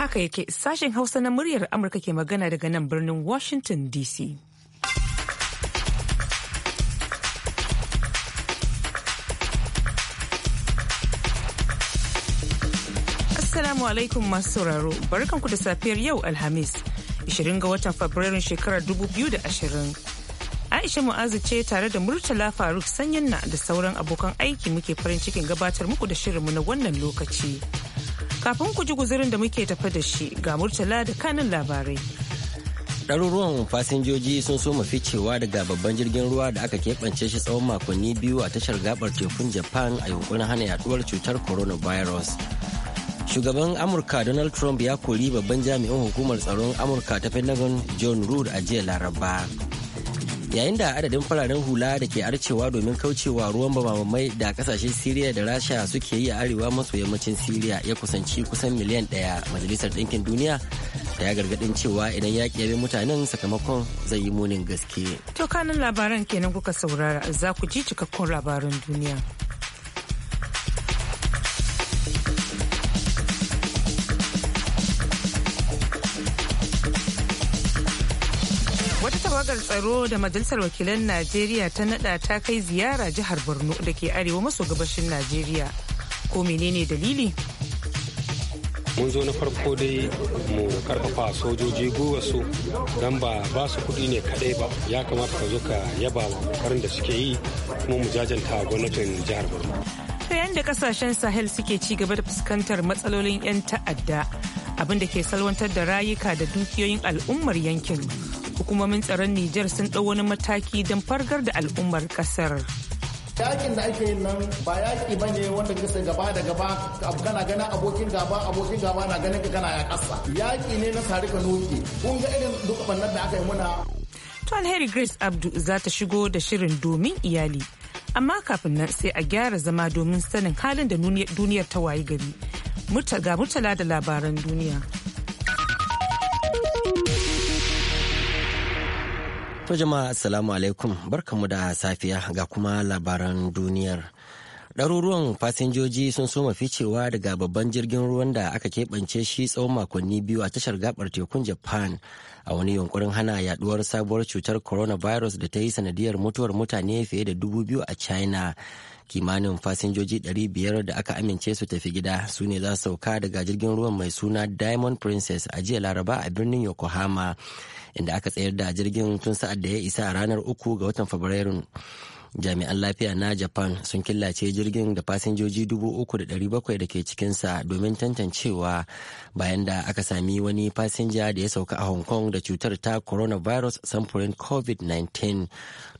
Haka yake sashen Hausa na muryar Amurka ke magana daga nan birnin Washington DC. Assalamu alaikum masu sauraro, barkanku da safiyar yau Alhamis, 20 ga watan Fabrairun shekarar 2020. Aisha Mu'azu ce tare da Murtala Faruk Sanyin da sauran abokan aiki muke farin cikin gabatar muku da shirinmu na wannan lokaci. Kafin ku ji guzurin da muke tafa da shi ga Murtala da kanin labarai. Ɗaruruwan fasinjoji sun so ficewa daga babban jirgin ruwa da aka keɓance shi tsawon makonni biyu a tashar gabar tekun Japan a yunkurin hana yaduwar cutar coronavirus. Shugaban Amurka Donald Trump ya kori babban jami'in hukumar tsaron Amurka ta Pentagon John Rood a jiya Laraba. yayin da adadin fararen hula da ke arcewa domin kaucewa ruwan bamamai da kasashen siriya da rasha suke yi a arewa maso yammacin siriya ya kusanci kusan miliyan daya majalisar ɗinkin duniya ta ya gargaɗin cewa idan ya bi mutanen sakamakon zai yi munin gaske to kanin labaran kenan kuka saurara za ku ji cikakkun labaran duniya tawagar tsaro da majalisar wakilan najeriya ta nada ta kai ziyara jihar borno da ke arewa maso gabashin najeriya ko menene dalili mun zo na farko dai mu karfafa sojoji su don ba ba su kuɗi ne kadai ba ya kamata ka zo ka yaba wa kokarin da suke yi kuma mu jajanta gwamnatin jihar borno ta yadda kasashen sahel suke ci gaba da fuskantar matsalolin 'yan ta'adda abin da ke salwantar da rayuka da dukiyoyin al'ummar yankin hukumomin tsaron Nijar sun ɗau wani mataki don fargar da al'ummar ƙasar. yakin da ake yin nan ba yaki ba ne wanda kisa gaba da gaba kana gana abokin gaba abokin gaba na ganin ka kana ya kasa yaki ne na tarika ka noke kun ga irin duka bannan da aka yi muna to alheri grace abdu za ta shigo da shirin domin iyali amma kafin nan sai a gyara zama domin sanin halin da duniyar ta wayi gari ga mutala da labaran duniya To jama'a assalamu alaikum barkamu da safiya ga kuma labaran duniyar. Ɗaruruwan fasinjoji sun soma ficewa daga babban jirgin ruwan da aka keɓance shi tsawon makonni biyu a tashar gabar tekun Japan a wani yunkurin hana yaduwar sabuwar cutar coronavirus da ta yi sanadiyar mutuwar mutane fiye da dubu biyu a China kimanin fasinjoji 500 da aka amince su tafi gida su ne za su sauka daga jirgin ruwan mai suna diamond princess a jiya laraba a birnin yokohama inda aka tsayar da jirgin tun sa'ad da ya isa ranar uku ga watan fabrairun jami'an lafiya na japan sun killace jirgin da fasinjoji 3,700 da ke cikinsa domin tantancewa bayan da aka sami wani fasinja da ya sauka a hong kong da cutar ta coronavirus samfurin covid-19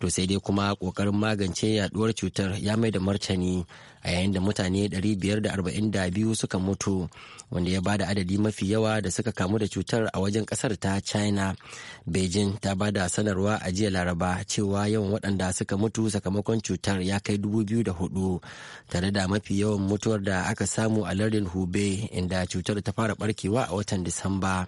to sai dai kuma kokarin magance yaduwar cutar ya mai da martani a yayin da mutane 542 suka mutu wanda ya bada adadi mafi yawa da suka kamu da cutar a wajen kasar ta china beijing ta bada sanarwa a jiya laraba cewa yawan waɗanda suka mutu sakamakon cutar ya kai 2004 tare da mafi yawan mutuwar da aka samu a lardin hubei inda cutar ta fara barkewa a watan disamba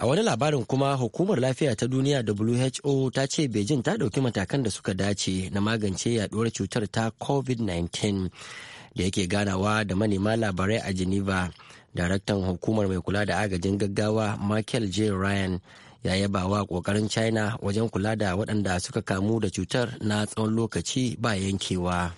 A wani labarin kuma hukumar lafiya ta duniya WHO ta ce Beijing ta ɗauki matakan da suka dace na magance yaduwar cutar ta COVID-19 da yake ganawa da manema labarai a Geneva. Daraktan hukumar mai kula da agajin gaggawa Michael J. Ryan ya yaba wa ƙoƙarin China wajen kula da waɗanda suka kamu da cutar na tsawon lokaci ba yankewa.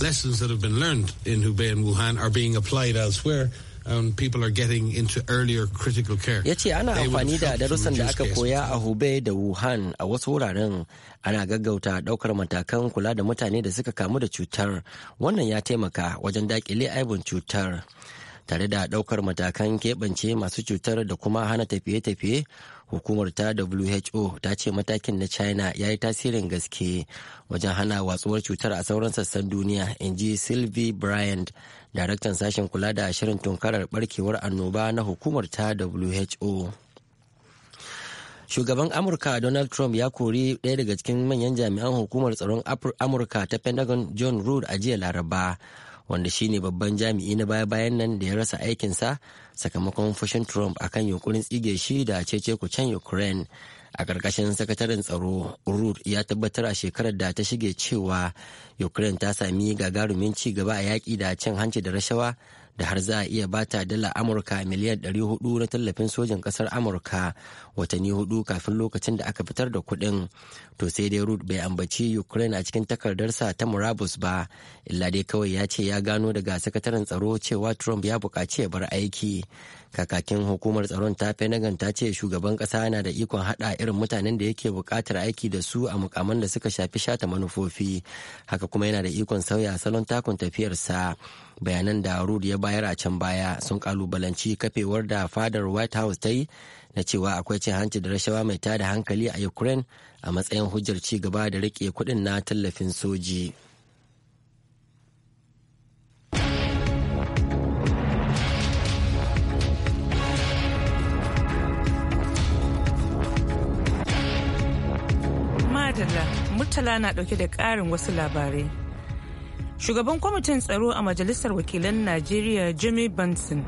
Lessons that have been learned in Hubei and Wuhan are being applied elsewhere and people are getting into earlier critical care. Ya ce ana amfani da darussan da aka koya a Hubei da Wuhan a wasu wuraren ana gaggauta daukar matakan kula da mutane da suka kamu da cutar wannan ya taimaka wajen dakile aibun cutar. tare da daukar matakan keɓance masu cutar da kuma hana tafiye-tafiye hukumar ta who ta ce matakin na china ya yi tasirin gaske wajen hana watsuwar cutar a sauran sassan duniya in ji sylvie bryant daraktan sashen kula da shirin tunkarar barkewar annoba na hukumar ta who shugaban amurka donald trump ya kori ɗaya daga cikin manyan jami'an hukumar tsaron amurka ta pentagon john rood a jiya laraba wanda shine babban jami'i na baya-bayan nan da ya rasa aikinsa sakamakon fushin trump akan yunkurin tsige shi da cece kucen ukraine a ƙarƙashin sakataren tsaro rud ya tabbatar a shekarar da ta shige cewa ukraine ta sami gagarumin ci gaba a yaƙi da cin hanci da rashawa da har za a iya bata dala amurka miliyan 400 na tallafin sojin ƙasar amurka watanni hudu kafin lokacin da aka fitar da kuɗin to sai dai rud bai ambaci ukraine a cikin takardarsa ta murabus ba illa dai kawai ya ce ya gano daga sakataren tsaro cewa trump ya buƙaci ya bar aiki kakakin hukumar tsaron ta fenagan ta ce shugaban kasa yana da ikon hada irin mutanen da yake bukatar aiki da su a mukaman da suka shafi shata manufofi haka kuma yana da ikon sauya salon takun tafiyarsa bayanan da rud ya bayar a can baya sun kalubalanci kafewar da fadar white house ta yi na cewa akwai cin hanci da rashawa mai tada hankali a ukraine a matsayin hujjar ci gaba da rike kuɗin na tallafin soji. murtala Murtala na dauke da karin wasu labarai. Shugaban kwamitin tsaro a Majalisar Wakilan Najeriya Jimmy Benson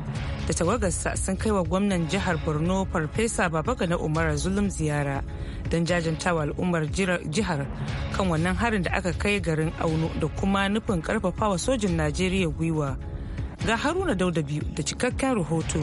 da tawagarsa sun kai wa gwamnan jihar Borno Farfesa na Umar Zulum ziyara don jajantawa al'ummar jihar kan wannan harin da aka kai garin Auno da kuma nufin karfafawa sojin Najeriya gwiwa. Ga Haruna Dauda biyu da cikakken rahoto.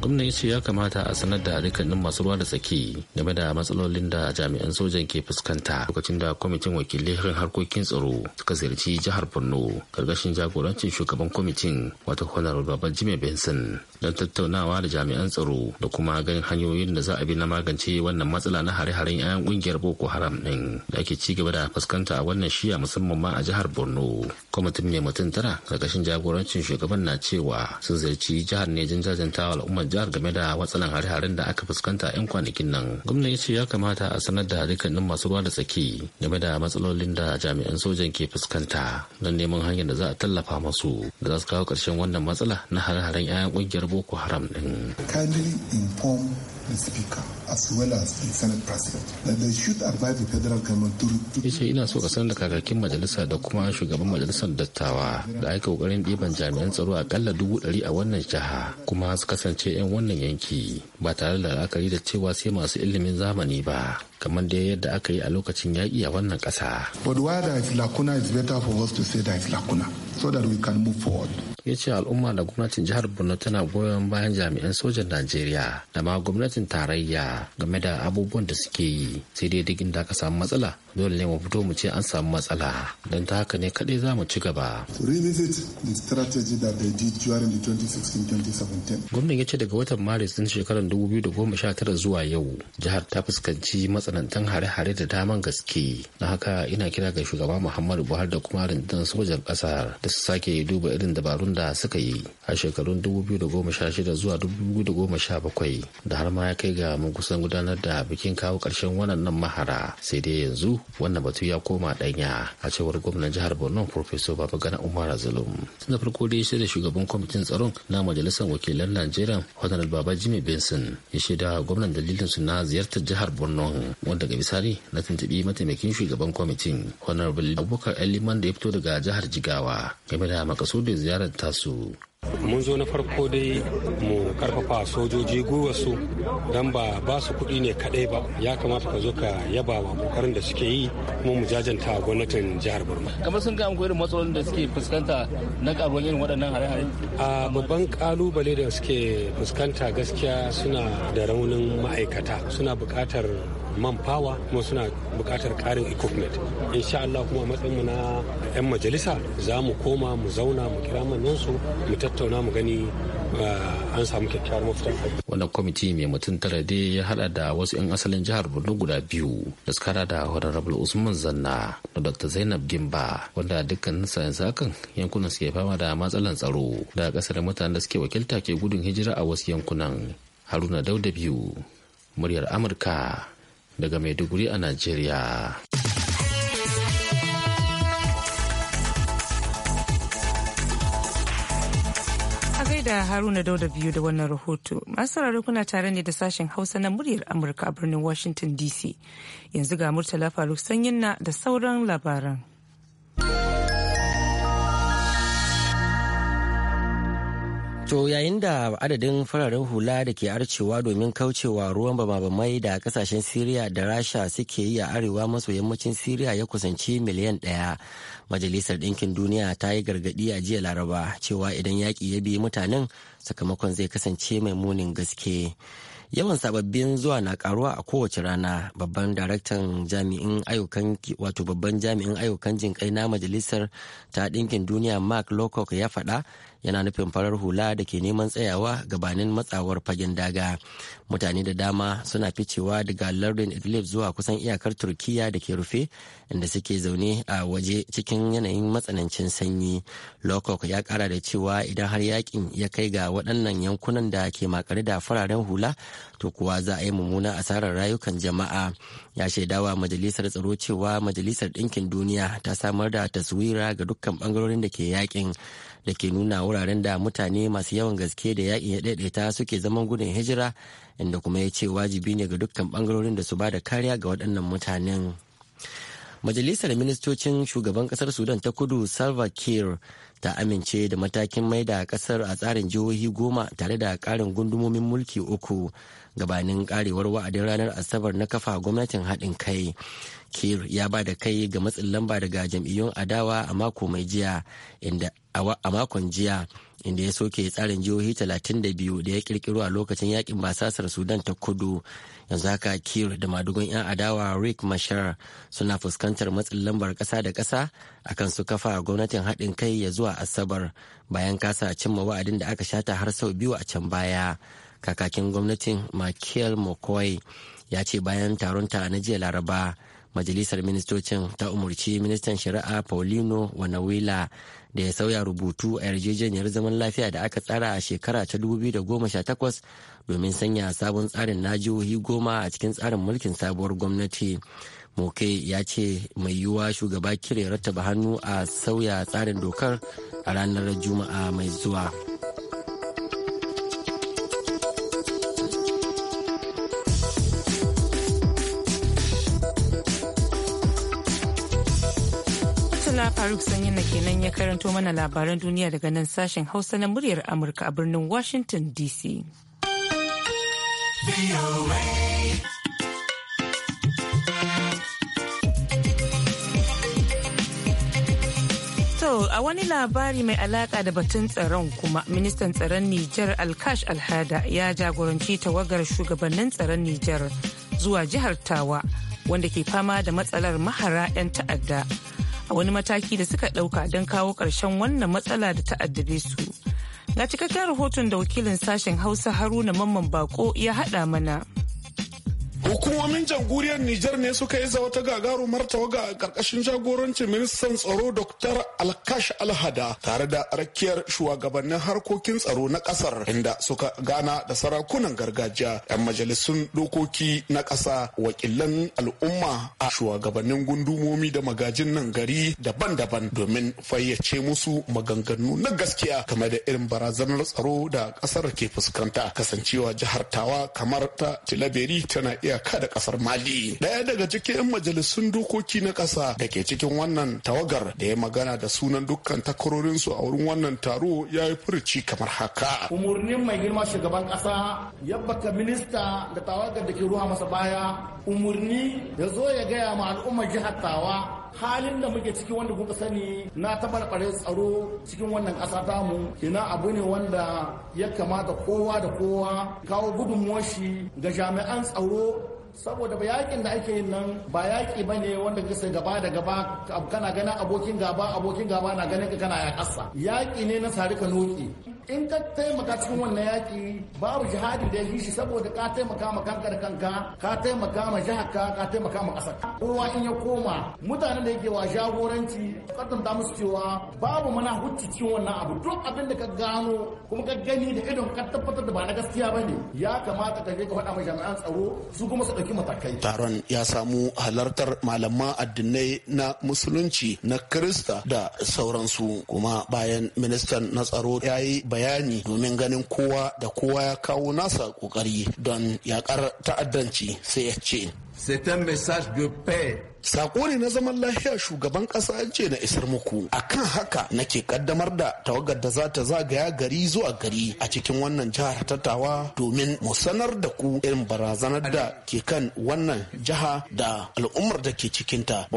gwamnati ya ce ya kamata a sanar da dukkanin masu ruwa da tsaki game da matsalolin da jami'an sojan ke fuskanta lokacin da kwamitin wakilai harin harkokin tsaro suka ziyarci jihar borno karkashin jagorancin shugaban kwamitin wata kwanar babban jimmy benson don tattaunawa da jami'an tsaro da kuma ganin hanyoyin da za a bi na magance wannan matsala na hare-haren 'yan kungiyar boko haram din da ake ci gaba da fuskanta a wannan shiya musamman ma a jihar borno kwamitin ne mutum tara karkashin jagorancin shugaban na cewa sun ziyarci jihar ne jin jajantawa al'ummar jihar game da matsalan hare-haren da aka fuskanta 'yan kwanakin nan gwamna ya ce ya kamata a sanar da dukkanin masu ruwa da tsaki game da matsalolin da jami'an sojan ke fuskanta don neman hanyar da za a tallafa masu da za su kawo ƙarshen wannan matsala na hare-haren 'ya'yan ƙungiyar boko haram din. the Speaker as well as the Senate President that they should advise the federal government to. ina so ka sanar da kakakin majalisa da kuma shugaban majalisar dattawa da aka kokarin ɗiban jami'an tsaro akalla dubu ɗari a wannan jiha kuma su kasance 'yan wannan yanki ba tare da la'akari da cewa sai masu ilimin zamani ba. kamar da yadda aka yi a lokacin yaƙi a wannan ƙasa. But there is lacuna is better for us to say there lacuna so that we can move forward. Ya ce al'umma da gwamnatin jihar Borno tana goyon bayan jami'an sojan Najeriya da ma gwamnatin tarayya game da abubuwan da suke yi sai dai duk inda aka samu matsala dole ne mu fito mu ce an samu matsala don ta haka ne kadai za mu ci gaba. Gwamnan ya ce daga watan Maris ɗin shekarar 2019 zuwa yau jihar ta fuskanci matsanantan hare-hare da daman gaske. Na haka ina kira ga shugaba Muhammadu Buhari da kuma rundunar sojan ƙasar da su sake duba irin dabarun da suka yi a shekarun 2016 zuwa 2017 da har ma ya kai ga mun kusan gudanar da bikin kawo ƙarshen wannan mahara sai dai yanzu wannan batu ya koma danya a cewar gwamnan jihar borno professor gana umar zulum da farko da ya shirya shugaban kwamitin tsaron na majalisar wakilan najeriya honorable baba jimmy benson ya shaida gwamnan dalilin su na ziyartar jihar borno wanda ga bisani na tuntubi mataimakin shugaban kwamitin honorable abubakar eliman da ya fito daga jihar jigawa game da makasudin ziyarar tasu mun zo na farko dai mu karfafa sojoji gwiwa su don ba ba su kuɗi ne kaɗai ba ya kamata ka zo ka yaba wa kokarin da suke yi kuma mu jajanta gwamnatin jihar borno kamar sun ga irin matsalolin da suke fuskanta na karuwar irin waɗannan hare-hare a babban kalubale da suke fuskanta gaskiya suna da raunin ma'aikata suna buƙatar man power kuma suna bukatar karin equipment insha Allah kuma matsayin mu na 'yan majalisa za mu koma mu zauna mu kira manyan su mu tattauna mu gani ah, an samu kyakkyawar mafita. Wannan kwamiti mai mutum tara dai ya hada da wasu 'yan asalin jihar Borno guda biyu da suka da Honorable Usman Zanna da Dr. Zainab Gimba wanda dukkanin yanzu hakan yankunan suke fama da matsalan tsaro da kasar mutanen da suke wakilta ke gudun hijira a wasu yankunan. Haruna Dauda biyu, muryar Amurka daga Maiduguri a Najeriya. da Haruna Dauda biyu da wannan rahoto. Masu sauraro kuna tare ne da sashen Hausa na muryar Amurka a birnin Washington DC. Yanzu ga Murtala Faruk Sanyin na da sauran labaran. To yayin da adadin fararen hula da ke arcewa domin kaucewa ruwan bamabamai da kasashen Siriya da Rasha suke yi a arewa maso yammacin Siriya ya kusanci miliyan ɗaya. Majalisar Ɗinkin Duniya ta yi gargaɗi a jiya Laraba cewa idan yaƙi ya bi mutanen sakamakon zai kasance mai munin gaske. Yawan sababbin zuwa na karuwa a kowace rana babban daraktan jami'in ayyukan wato babban jami'in ayyukan jinƙai na majalisar ta ɗinkin duniya Mark Lowcock ya faɗa yana nufin farar hula da ke neman tsayawa gabanin matsawar fagen daga mutane da dama suna ficewa daga lardin idlib zuwa kusan iyakar turkiya da ke rufe inda suke zaune a waje cikin yanayin matsanancin sanyi lokok ya kara da cewa idan har yakin ya kai ga waɗannan yankunan da ke makare da fararen hula to kuwa za a yi mummunan asarar rayukan jama'a ya shaidawa majalisar tsaro cewa majalisar ɗinkin duniya ta samar da taswira ga dukkan bangarorin da ke yakin da ke nuna wuraren da mutane masu yawan gaske da yaƙi ya ɗaiɗaita suke zaman gudun hijira inda kuma ya ce wajibi ne ga dukkan bangarorin da su ba da kariya ga waɗannan mutanen. Majalisar ministocin shugaban ƙasar Sudan ta kudu Salva Kiir ta amince da matakin mai da ƙasar a tsarin jihohi goma tare da ƙarin gundumomin mulki uku gabanin karewar wa'adin ranar asabar na kafa gwamnatin haɗin kai. Kiir ya ba da kai ga matsin lamba daga jam'iyyun adawa a mako mai jiya inda a makon jiya inda ya soke tsarin jihohi 32 da ya kirkiro a lokacin yakin basasar sudan ta kudu yanzu haka kir da madugun 'yan adawa rick mashar suna fuskantar matsin lambar kasa da kasa akan su kafa gwamnatin haɗin kai ya zuwa asabar bayan kasa cimma wa'adin da aka shata har sau biyu a can baya kakakin gwamnatin michael mccoy ya ce bayan taron ta na jiya laraba majalisar ministocin ta umarci ministan shari'a paulino wanawila da ya sauya rubutu a yarjejeniyar zaman lafiya da aka tsara a shekara ta 2018 domin sanya sabon tsarin na jihohi goma a cikin tsarin mulkin sabuwar gwamnati moke ya ce mai yiwuwa shugaba kire rattaba hannu a sauya tsarin dokar a ranar juma'a mai zuwa. Murtala Faruk Sanyin na kenan ya karanto mana labaran duniya daga nan sashen Hausa na muryar Amurka a birnin Washington DC. To a wani labari mai alaka da batun tsaron kuma ministan tsaron Nijar Alkash Alhada ya jagoranci tawagar shugabannin tsaron Nijar zuwa jihar Tawa wanda ke fama da matsalar mahara 'yan ta'adda. a wani mataki da suka ɗauka don kawo ƙarshen wannan matsala da ta addabe su. Ga cikakken rahoton da wakilin sashen Hausa Haruna Mamman Bako ya haɗa mana. Hukumomin jamhuriyar Nijar ne suka yi za wata gagarumar tawaga a ƙarƙashin jagorancin ministan tsaro Dr. Alkash Alhada tare da rakiyar shugabannin harkokin tsaro na ƙasar inda suka gana da sarakunan gargajiya 'yan majalisun dokoki na ƙasa wakilan al'umma a shugabannin gundumomi da magajin nan gari daban-daban domin fayyace musu maganganu na gaskiya game da irin barazanar tsaro da ƙasar ke fuskanta kasancewa jihar Tawa kamar ta Tilaberi tana iya iyaka da kasar mali daya daga cikin 'yan majalisun dokoki na kasa da ke cikin wannan tawagar da ya magana da sunan dukkan takarorinsu a wurin wannan taro ya yi furuci kamar haka umarnin mai girma shugaban kasa yabbaka minista da tawagar da ke ruwa masa baya umarni ya zo ya gaya ma al'ummar jihar tawa halin da muke ciki wanda kuka sani na tabarbare tsaro cikin wannan ƙasa tamu ina abu ne wanda ya kamata kowa da kowa kawo gudunmuwar shi ga jami'an tsaro saboda ba yakin da ake yin nan ba yaƙi ba ne wanda kasa gaba da gaba kana gana abokin gaba abokin gaba na ganin ka kana ya ƙasa yaki ne na sarika noki in ka taimaka cikin wannan yaƙi babu jihadi da ya shi saboda ka taimaka ma kanka da kanka ka taimaka ma jihar ka taimaka ma ƙasar kowa in ya koma mutane da yake wa jagoranci kwatanta musu cewa babu mana hucci cikin wannan abu duk abin da ka gano kuma ka gani da idon ka tabbatar da ba na gaskiya ba ne ya kamata ka je ka faɗa ma jami'an tsaro su kuma su ɗauki matakai. taron ya samu halartar malaman addinai na musulunci na kirista da sauransu kuma bayan ministan na tsaro ya yi bayani bayani domin ganin kowa da kowa ya kawo nasa kokari don yakar ta'addanci sai ya ce C'est un message de paix Sako ne na zaman lafiya shugaban ƙasa ya ce na isar muku. kan haka nake kaddamar da tawagar da za ta zagaya gari zuwa gari a cikin wannan jihar tattawa domin mu sanar da ku irin barazanar da ke kan wannan jiha da al'ummar da ke cikinta.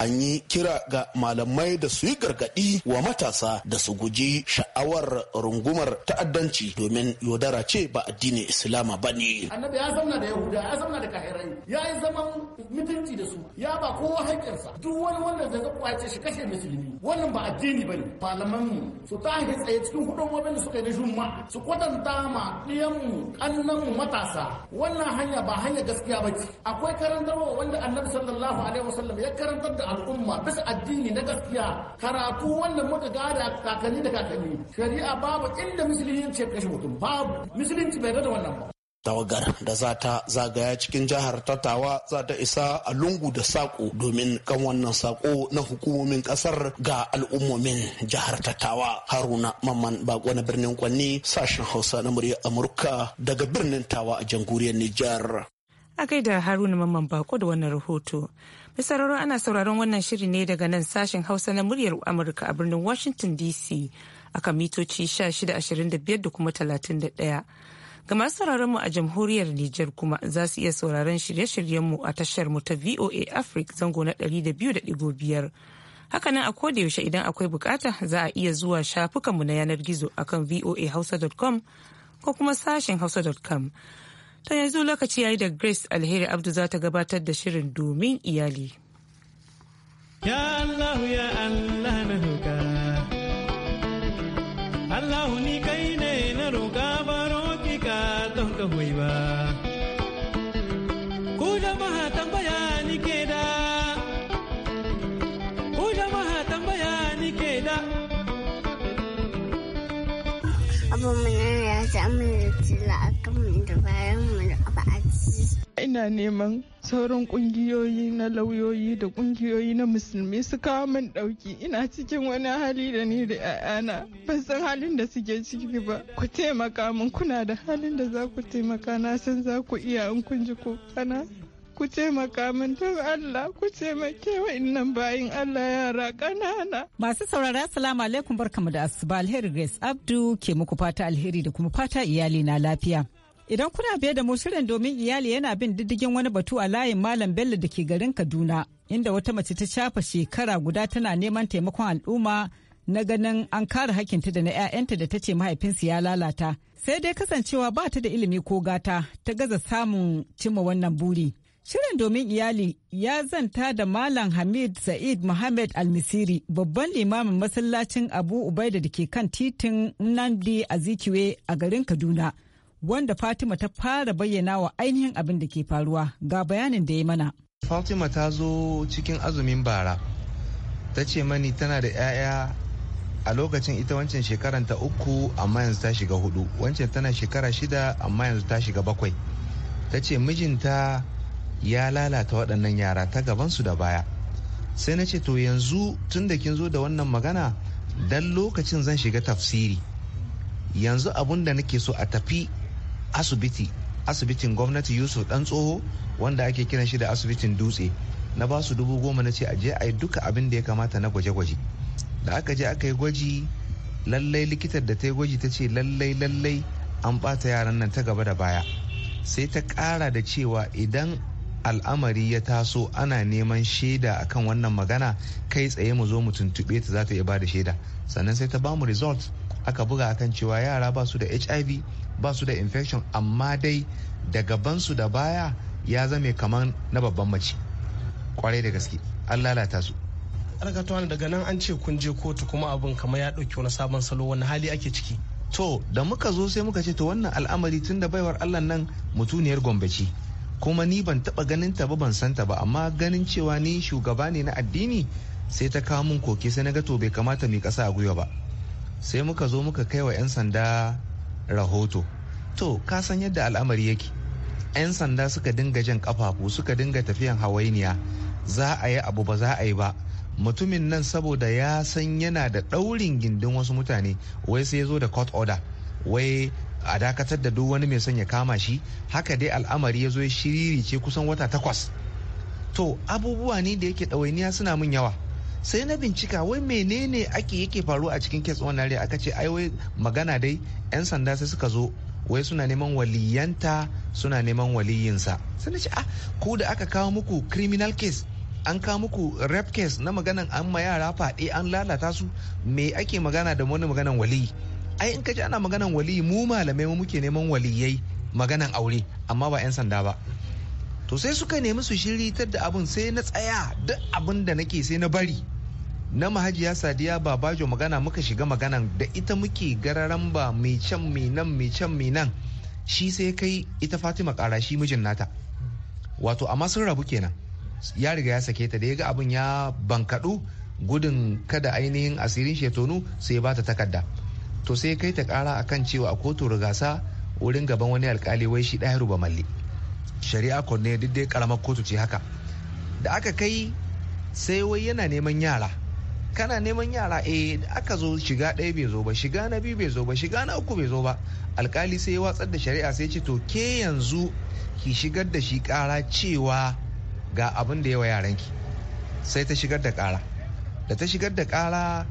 an yi kira ga malamai da su yi gargaɗi wa matasa da su guji sha'awar rungumar ta'addanci domin yaudara ce ba addinin islama ba ne. annabi ya zama da yahuda ya zama da kahirai ya yi zaman mutunci da su ya ba kowa haƙƙinsa duk wani wanda zai ce shi kashe musulmi wannan ba addini ba ne malaman mu su tashi tsaye cikin hudun wabin da suka yi na juma su kwatanta ma ɗiyan mu ƙannan mu matasa wannan hanya ba hanya gaskiya ba ce akwai karantarwa wanda annabi sallallahu alaihi wasallam ya karantar da da al'umma bisa addini na gaskiya karatu wannan muka gada kakanni da kakanni shari'a babu inda musulunci ce kashe mutum babu musulunci bai da wannan ba tawagar da za ta zagaya cikin jihar tattawa za ta isa a lungu da sako domin kan wannan sako na hukumomin kasar ga al'ummomin jihar tattawa haruna mamman bako na birnin kwanni sashen hausa na murya amurka daga birnin tawa a jamhuriyar nijar a gaida haruna mamman bako da wannan rahoto Mai sauraro ana sauraron wannan shirin ne daga nan sashen Hausa na muryar Amurka a birnin Washington DC a akan mitoci 1625 da kuma 31. Ga masu sauraron mu a jamhuriyar Nijar kuma za su iya sauraron shirye-shiryenmu a tashar mu ta VOA Africa zango na 200.5. Hakanan a yaushe idan akwai bukata za a iya zuwa shafukanmu na yanar gizo akan voa voahausa.com ko kuma sashen hausa.com ta yanzu lokaci yi da grace alheri abdu za ta gabatar da shirin domin iyali ya allah ya allah na roka allah ni kai ne na roka baro ki ka don ka ba ina neman sauran kungiyoyi na lauyoyi da kungiyoyi na musulmi su kawo min dauki ina cikin wani hali da ni da 'ya'yana ban san halin da suke ciki ba ku taimaka min kuna da halin da za ku taimaka na san za ku iya in kun ji kana ku taimaka min don Allah ku taimake wa'annan bayin Allah yara ƙanana. Masu saurara salamu alaikum barkamu da asuba alheri Grace Abdu ke muku fata alheri da kuma fata iyali na lafiya. Idan kuna biye da mu shirin domin iyali yana bin diddigin wani batu a layin Malam Bello da ke garin Kaduna, inda wata mace ta shafa shekara guda tana neman taimakon al'umma na ganin an kare hakinta da na 'ya'yanta da ta ce mahaifinsu ya lalata. Sai dai kasancewa ba ta da ilimi ko gata ta gaza samun cimma wannan buri. Shirin domin iyali ya zanta da Malam Hamid Sa'id Mohammed Almisiri babban limamin masallacin Abu Ubaida da ke kan titin Nnamdi Azikiwe a garin Kaduna. wanda Fatima ta fara bayyana wa ainihin abin da ke faruwa ga bayanin da ya mana. Fatima ta zo cikin azumin bara, ta ce mani tana da 'ya'ya a lokacin ita wancan shekaran ta uku amma yanzu ta shiga hudu, wancan tana shekara shida amma yanzu ta shiga bakwai. Ta ce mijinta ya lalata waɗannan yara ta gabansu da baya. Sai na ce to yanzu tun da kin zo da wannan magana, dan lokacin zan shiga tafsiri. Yanzu abun da nake so a tafi asibiti asibitin gwamnati yusuf dan tsoho wanda ake kiran shi da asibitin dutse na ba su dubu goma na ce a je a yi duka abin da ya kamata na gwaje-gwaje da aka je aka yi gwaji lallai likitar da ta yi gwaji ta ce lallai lallai an bata yaran nan ta gaba da baya sai ta kara da cewa idan al'amari ya taso ana neman shaida akan wannan magana kai tsaye mu zo mu tuntuɓe ta za ta iya ba da shaida sannan sai ta bamu mu result aka buga akan cewa yara ba su da hiv ba su da infection amma dai daga bansu da baya ya zame kamar na babban mace kwarai da gaske an lalata su wani daga nan an ce kun je kotu kuma abin kamar ya ɗauki wani sabon salo wani hali ake ciki to da muka zo sai muka ce to wannan al'amari tun da baiwar allah nan mutuniyar gwambaci kuma ni ban taba ganin ta ba ban san ta ba amma ganin cewa ni shugaba ne na addini sai ta kawo min koke sai na ga to bai kamata mai kasa a gwiwa ba sai muka zo muka kai wa 'yan sanda rahoto to ka san yadda al'amari yake 'yan sanda suka dinga jan kafafu suka dinga tafiyan hawainiya za a yi abu ba za a yi ba mutumin nan saboda ya san yana da ɗaurin gindin wasu mutane wai sai ya zo da court order wai a dakatar da duk wani mai son ya kama shi haka dai al'amari ya zo ya shiriri ce kusan wata takwas to abubuwa ne da yake ɗawainiya suna min yawa sai na bincika wai menene ake yake faru a cikin kes wannan rai aka ce ai wai magana dai yan sanda sai suka zo wai suna neman waliyanta suna neman waliyinsa sai na ce ah ko da aka kawo muku criminal case an kawo muku rap case na maganan an ma yara faɗe an lalata su me ake magana da wani maganan waliyi ai in ka ji ana maganan waliyi mu malamai mu muke neman waliyai maganan aure amma ba 'yan sanda ba to sai suka nemi su shiritar da abun sai na tsaya duk abin da nake sai na bari na mahajiya sadiya babajo magana muka shiga maganan da ita muke gararan ba mai can mai nan mai can mai nan shi sai kai ita fatima kara shi mijin nata wato amma sun rabu kenan ya riga ya sake ta da ya ga abin ya bankaɗu gudun kada ainihin asirin shetonu sai ba ta takarda to sai kai ta kara akan cewa a kotu rigasa wurin gaban wani alkali wai shi ɗaya ruba malli shari'a kunne duk dai karamar kotu ce haka da aka kai sai wai yana neman yara kana neman yara e eh, da aka zo shiga ɗaya bai zo ba shiga na biyu bai zo ba shiga na uku bai zo ba alkali sai ya watsar da shari'a sai ce to ke yanzu ki shigar da shi ƙara cewa ga abin da yawa yaranki sai ta shigar da ƙara da ta shigar da ƙara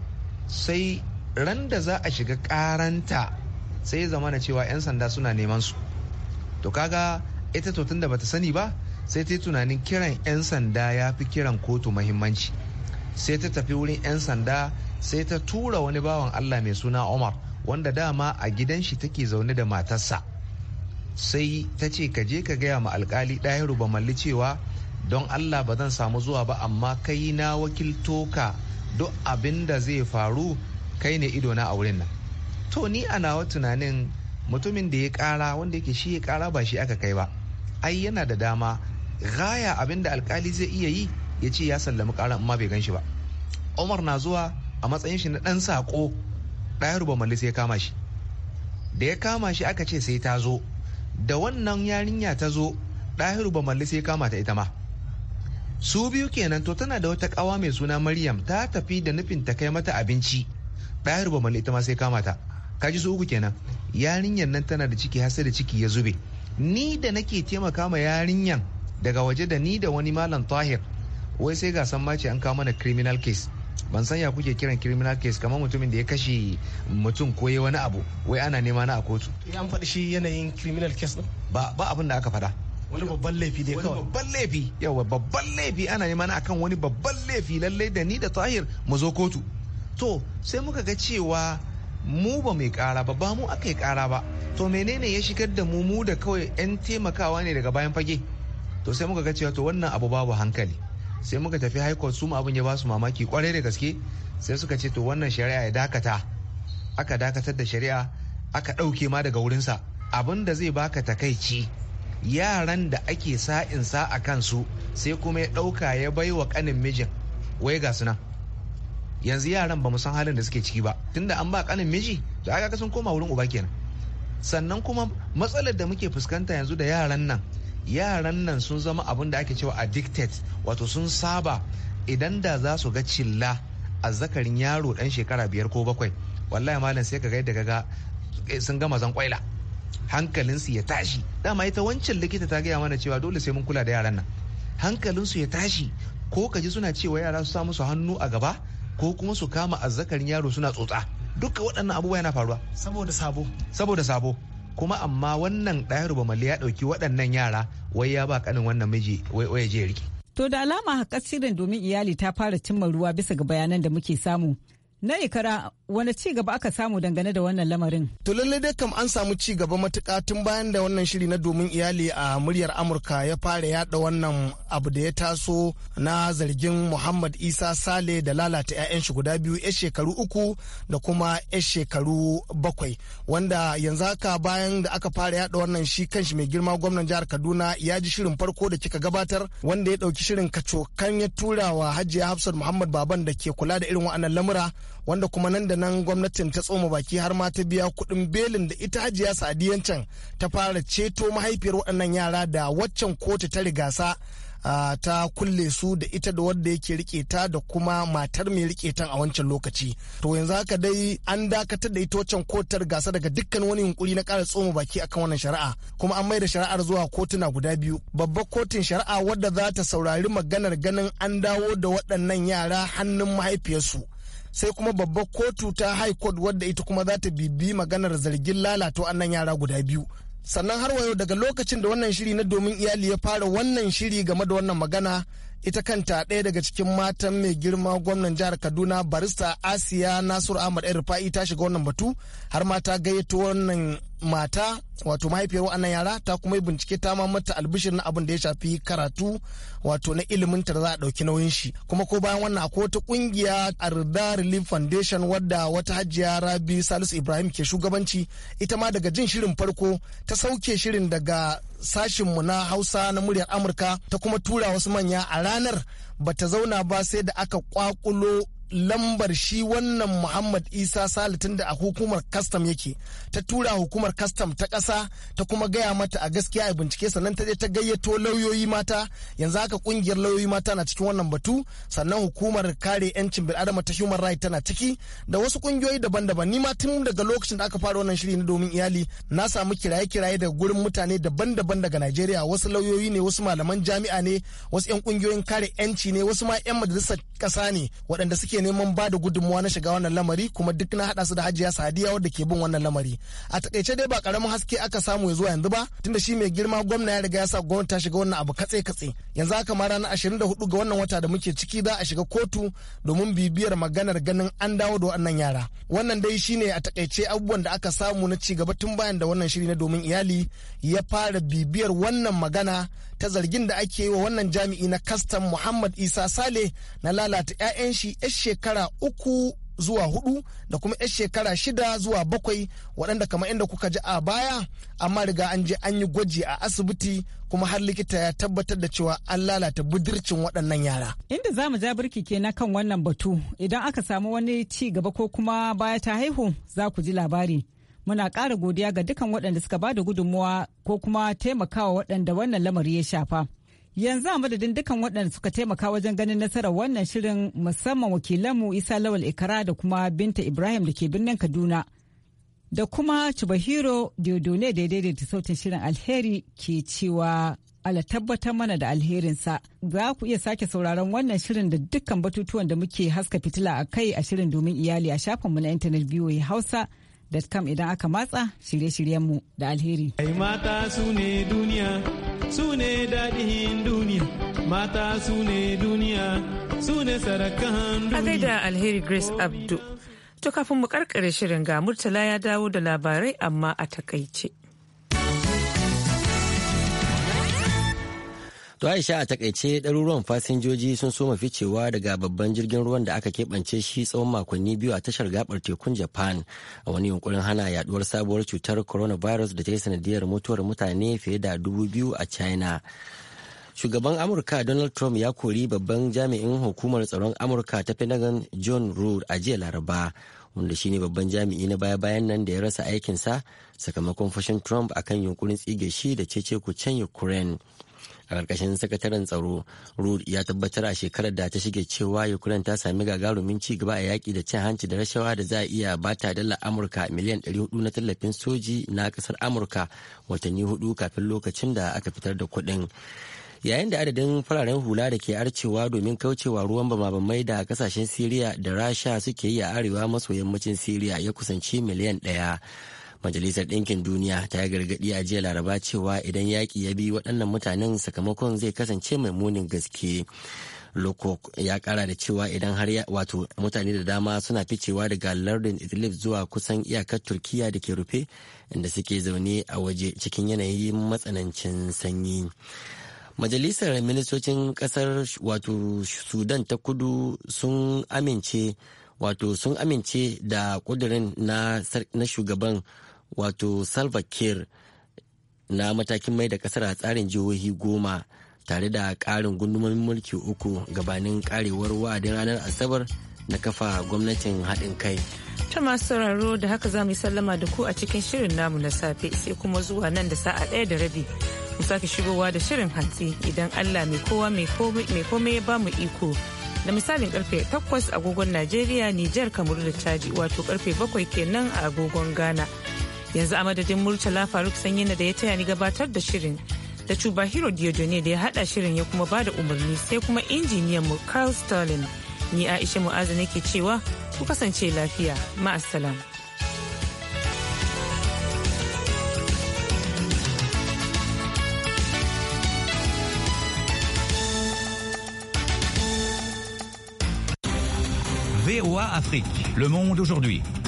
sai ran da za a shiga karanta sai zama na cewa 'yan sanda suna neman su to kaga ita to tunda bata sani ba sai ta yi tunanin kiran 'yan sanda ya fi kiran kotu muhimmanci. sai ta tafi wurin 'yan sanda sai ta tura wani bawan allah mai suna omar wanda dama a gidan shi take zaune da matarsa sai ta ce ka je ka gaya ma alkali ɗaya ruba malli cewa don allah ba zan samu zuwa ba amma kai na wakiltoka toka duk abin da zai faru kai ne ido na a wurin nan to ni a nawa tunanin mutumin da ya kara wanda yake shi ya kara ba shi aka kai ba ai yana da dama gaya abin da alkali zai iya yi ya ce ya sallami ƙara amma bai gan shi ba Umar na zuwa a matsayin shi na ɗan saƙo ɗaya ruba malli sai ya kama shi da ya kama shi aka ce sai ta zo da wannan yarinya ta zo ɗaya ruba malli sai ya kama ta ita ma su biyu kenan to tana da wata ƙawa mai suna Maryam ta tafi da nufin ta kai mata abinci ɗaya ruba malli ita ma sai kama ta kaji su uku kenan yarinyar nan tana da ciki har da ciki ya zube ni da nake taimaka ma yarinyan daga waje da ni da wani malam tahir wai sai ga san mace an kawo mana criminal case ban san ya kuke kiran criminal case kamar mutumin da ya kashe mutum ko ya wani abu wai ana nema na a kotu an faɗi shi yanayin criminal case ɗin ba ba abin da aka faɗa wani babban laifi dai kawai babban laifi yawa babban laifi ana nema na akan wani babban laifi lallai da ni da tahir mu zo kotu to sai muka ga cewa mu ba mai kara ba ba mu aka yi kara ba to menene ya shigar da mu mu da kawai 'yan taimakawa ne daga bayan fage to sai muka ga cewa to wannan abu babu hankali sai muka tafi haikot su abin ya ba su mamaki kwarai da gaske sai suka ce to wannan shari'a ya dakata aka dakatar da shari'a aka ɗauke ma daga wurinsa abin da zai baka takaici yaran da ake sa a kansu sai kuma ya ɗauka ya bai wa ƙanin mijin wai ga sunan yanzu yaran ba mu san halin da suke ciki ba tunda an ba kanin miji da aka sun koma wurin uba kenan sannan kuma matsalar da muke fuskanta yanzu da yaran nan yaran nan sun zama abin da ake cewa addicted wato sun saba idan da za su ga cilla a zakarin yaro dan shekara biyar ko bakwai wallahi malam sai ka ga yadda ga sun gama zan kwaila hankalinsu ya tashi dama ita wancan likita ta gaya mana cewa dole sai mun kula da yaran nan hankalinsu ya tashi ko ka ji suna cewa yara su samu su hannu a gaba ko kuma su kama azzakarin yaro suna tsotsa duka waɗannan abubuwa yana faruwa saboda sabo saboda sabo kuma amma wannan ɗaya rubamali ya ɗauki waɗannan yara wai ya ba kanin wannan miji wai ya je riki. To da alama haka domin iyali ta fara cimma ruwa bisa ga bayanan da muke samu. Na ikara wani ci gaba aka samu dangane da wannan lamarin? To lallai dai kam an samu ci gaba matuƙa tun bayan da wannan shiri na domin iyali a muryar Amurka ya fara yada wannan abu da ya taso na zargin Muhammad Isa Sale da lalata 'ya'yan shi guda biyu 'yan shekaru uku da kuma 'yan shekaru bakwai wanda yanzu haka bayan da aka fara yada wannan shi kanshi mai girma gwamnan jihar Kaduna ya ji shirin farko da kika gabatar wanda ya ɗauki shirin kacokan ya tura wa Hajiya Hafsat Muhammad Baban da ke kula da irin wa'annan lamura wanda kuma nan da nan gwamnatin ta tsoma baki har ma ta biya kuɗin belin da ita hajiya sadiyancan ta fara ceto mahaifiyar waɗannan yara da waccan kotu ta rigasa ta kulle su da ita da wadda yake rike ta da kuma matar mai rike ta a wancan lokaci to yanzu haka dai an dakatar da ita wancan kotar gasa daga dukkan wani yunkuri na ƙara tsoma baki akan wannan shari'a kuma an maida shari'ar zuwa kotuna guda biyu babbar kotun shari'a wadda za ta saurari maganar ganin an dawo da waɗannan yara hannun mahaifiyarsu sai kuma babbar kotu ta high court wadda ita kuma za ta bibi maganar zargin lalato annan yara guda biyu sannan har yau daga lokacin da wannan shiri na domin iyali ya fara wannan shiri game da wannan magana ita kanta ɗaya daga cikin matan mai girma gwamnan jihar kaduna barista asiya nasiru ahmad yan rufa'i ta shiga wannan batu har ma ta gayyato wannan mata wato mahaifiyar wa'annan yara ta kuma yi bincike ta ma mata albishir na abin da ya shafi karatu wato na ilimin ta da za a ɗauki nauyin shi kuma ko bayan wannan akwai wata kungiya arda relief foundation wadda wata hajjiya rabi salisu ibrahim ke shugabanci ita ma daga jin shirin farko ta sauke shirin daga sashinmu na hausa na muryar amurka ta kuma tura wasu manya a ranar bata zauna ba sai da aka kwakulo lambar shi wannan Muhammad Isa salitin da a hukumar kastam yake ta tura hukumar kastam ta ƙasa ta kuma gaya mata a gaskiya a bincike sannan ta je ta gayyato lauyoyi mata yanzu haka kungiyar lauyoyi mata na cikin wannan batu sannan hukumar kare 'yancin bil'adama ta human right tana ciki da wasu kungiyoyi daban-daban ni ma tun daga lokacin da aka fara wannan shiri na domin iyali na samu kiraye-kiraye daga gurin mutane daban-daban daga Najeriya wasu lauyoyi ne wasu malaman jami'a ne wasu 'yan kungiyoyin kare 'yanci ne wasu ma 'yan majalisar kasa ne waɗanda suke neman ba da gudunmuwa na shiga wannan lamari kuma duk na haɗa su da hajiya sadiya wadda ke bin wannan lamari a takaice dai ba karamin haske aka samu ya zuwa yanzu ba tunda shi mai girma gwamna ya riga ya sa gwamnati ta shiga wannan abu katse katse yanzu haka ma ranar hudu ga wannan wata da muke ciki za a shiga kotu domin bibiyar maganar ganin an dawo da wannan yara wannan dai shine a takaice abubuwan da aka samu na ci gaba tun bayan da wannan shiri na domin iyali ya fara bibiyar wannan magana ta zargin da ake yi wa wannan jami'i na kastan Muhammad Isa Sale na lalata 'ya'yan shi shekara uku zuwa hudu da kuma 'yan shekara shida zuwa bakwai waɗanda kamar inda kuka ji a baya amma riga an je an yi gwaji a asibiti kuma har likita ya tabbatar da cewa an lalata budurcin waɗannan yara. Inda za mu ja birki ke na kan wannan batu idan aka samu wani ci gaba ko kuma baya ta haihu za ku ji labari. Muna ƙara godiya ga dukkan waɗanda suka ba da gudunmuwa ko kuma taimakawa waɗanda wannan lamari ya shafa. Yanzu a madadin dukkan waɗanda suka taimaka wajen ganin nasarar wannan shirin musamman wakilanmu Isa Lawal Ikara da kuma Binta Ibrahim da ke birnin Kaduna. Da kuma Chubahiro Diodone da ya daidaita sautin shirin alheri ke cewa ala tabbatar mana da alherinsa. Za ku iya sake sauraron wannan shirin da dukkan batutuwan da muke haska fitila a kai a shirin domin iyali a shafinmu na intanet ya Hausa. .com idan aka matsa shirye-shiryenmu da alheri. mata su ne duniya su ne daɗin duniya mata su ne duniya su ne sarakan duniya. A gaida alheri Grace Abdu. To kafin mu karkare shirin ga Murtala ya dawo da labarai amma a takaice. To Aisha a takaice ɗaruruwan fasinjoji sun soma ficewa daga babban jirgin ruwan da aka keɓance shi tsawon makonni biyu a tashar gabar tekun Japan a wani yunkurin hana yaduwar sabuwar cutar coronavirus da ta yi sanadiyar mutuwar mutane fiye da dubu biyu a China. Shugaban Amurka Donald Trump ya kori babban jami'in hukumar tsaron Amurka ta Pentagon John Rood a jiya Laraba. wanda shine babban jami'i na baya-bayan nan da ya rasa aikinsa sakamakon fashin Trump akan yunkurin tsige shi da cece ku can Ukraine. a ƙarƙashin sakataren tsaro rud ya tabbatar a shekarar da ta shige cewa ukraine ta sami gagarumin ci gaba a yaƙi da cin hanci da rashawa da za a iya bata dala amurka miliyan 400 na tallafin soji na kasar amurka watanni hudu kafin lokacin da aka fitar da kuɗin yayin da adadin fararen hula da ke arcewa domin kaucewa ruwan bamabamai da kasashen siriya da rasha suke yi a arewa maso yammacin siriya ya kusanci miliyan ɗaya majalisar ɗinkin duniya ta yi gargaɗi a jiya laraba cewa idan yaƙi ya bi waɗannan mutanen sakamakon zai kasance mai munin gaske lokok ya kara da cewa idan har ya wato mutane da dama suna ficewa daga lardin idlib zuwa kusan iyakar turkiya da ke rufe inda suke zaune a waje cikin yanayi matsanancin sanyi majalisar ministocin kasar wato sudan ta kudu sun amince wato sun amince da ƙudirin na shugaban wato salva kiir na matakin mai da kasar a tsarin jihohi goma tare da ƙarin gundumomin mulki uku gabanin karewar wa'adin ranar asabar na kafa gwamnatin haɗin kai. Ta masu sauraro da haka za mu sallama da ku a cikin shirin namu na safe sai kuma zuwa nan da sa'a ɗaya da rabi. Mu sake shigowa da shirin hantsi idan Allah mai kowa mai komai ba mu iko. Da misalin karfe 8 agogon Najeriya, Nijar, Kamaru da caji wato karfe 7 kenan a agogon Ghana. yanzu a madadin murtala faruk sanyi da ya taya ni gabatar da shirin da cuba hero diodone da ya hada shirin ya kuma bada umarni sai kuma injiniyan mu carl stalin ni aisha mu'azu nake cewa ku kasance lafiya ma'assalam. VOA Afrique. Le monde aujourd'hui.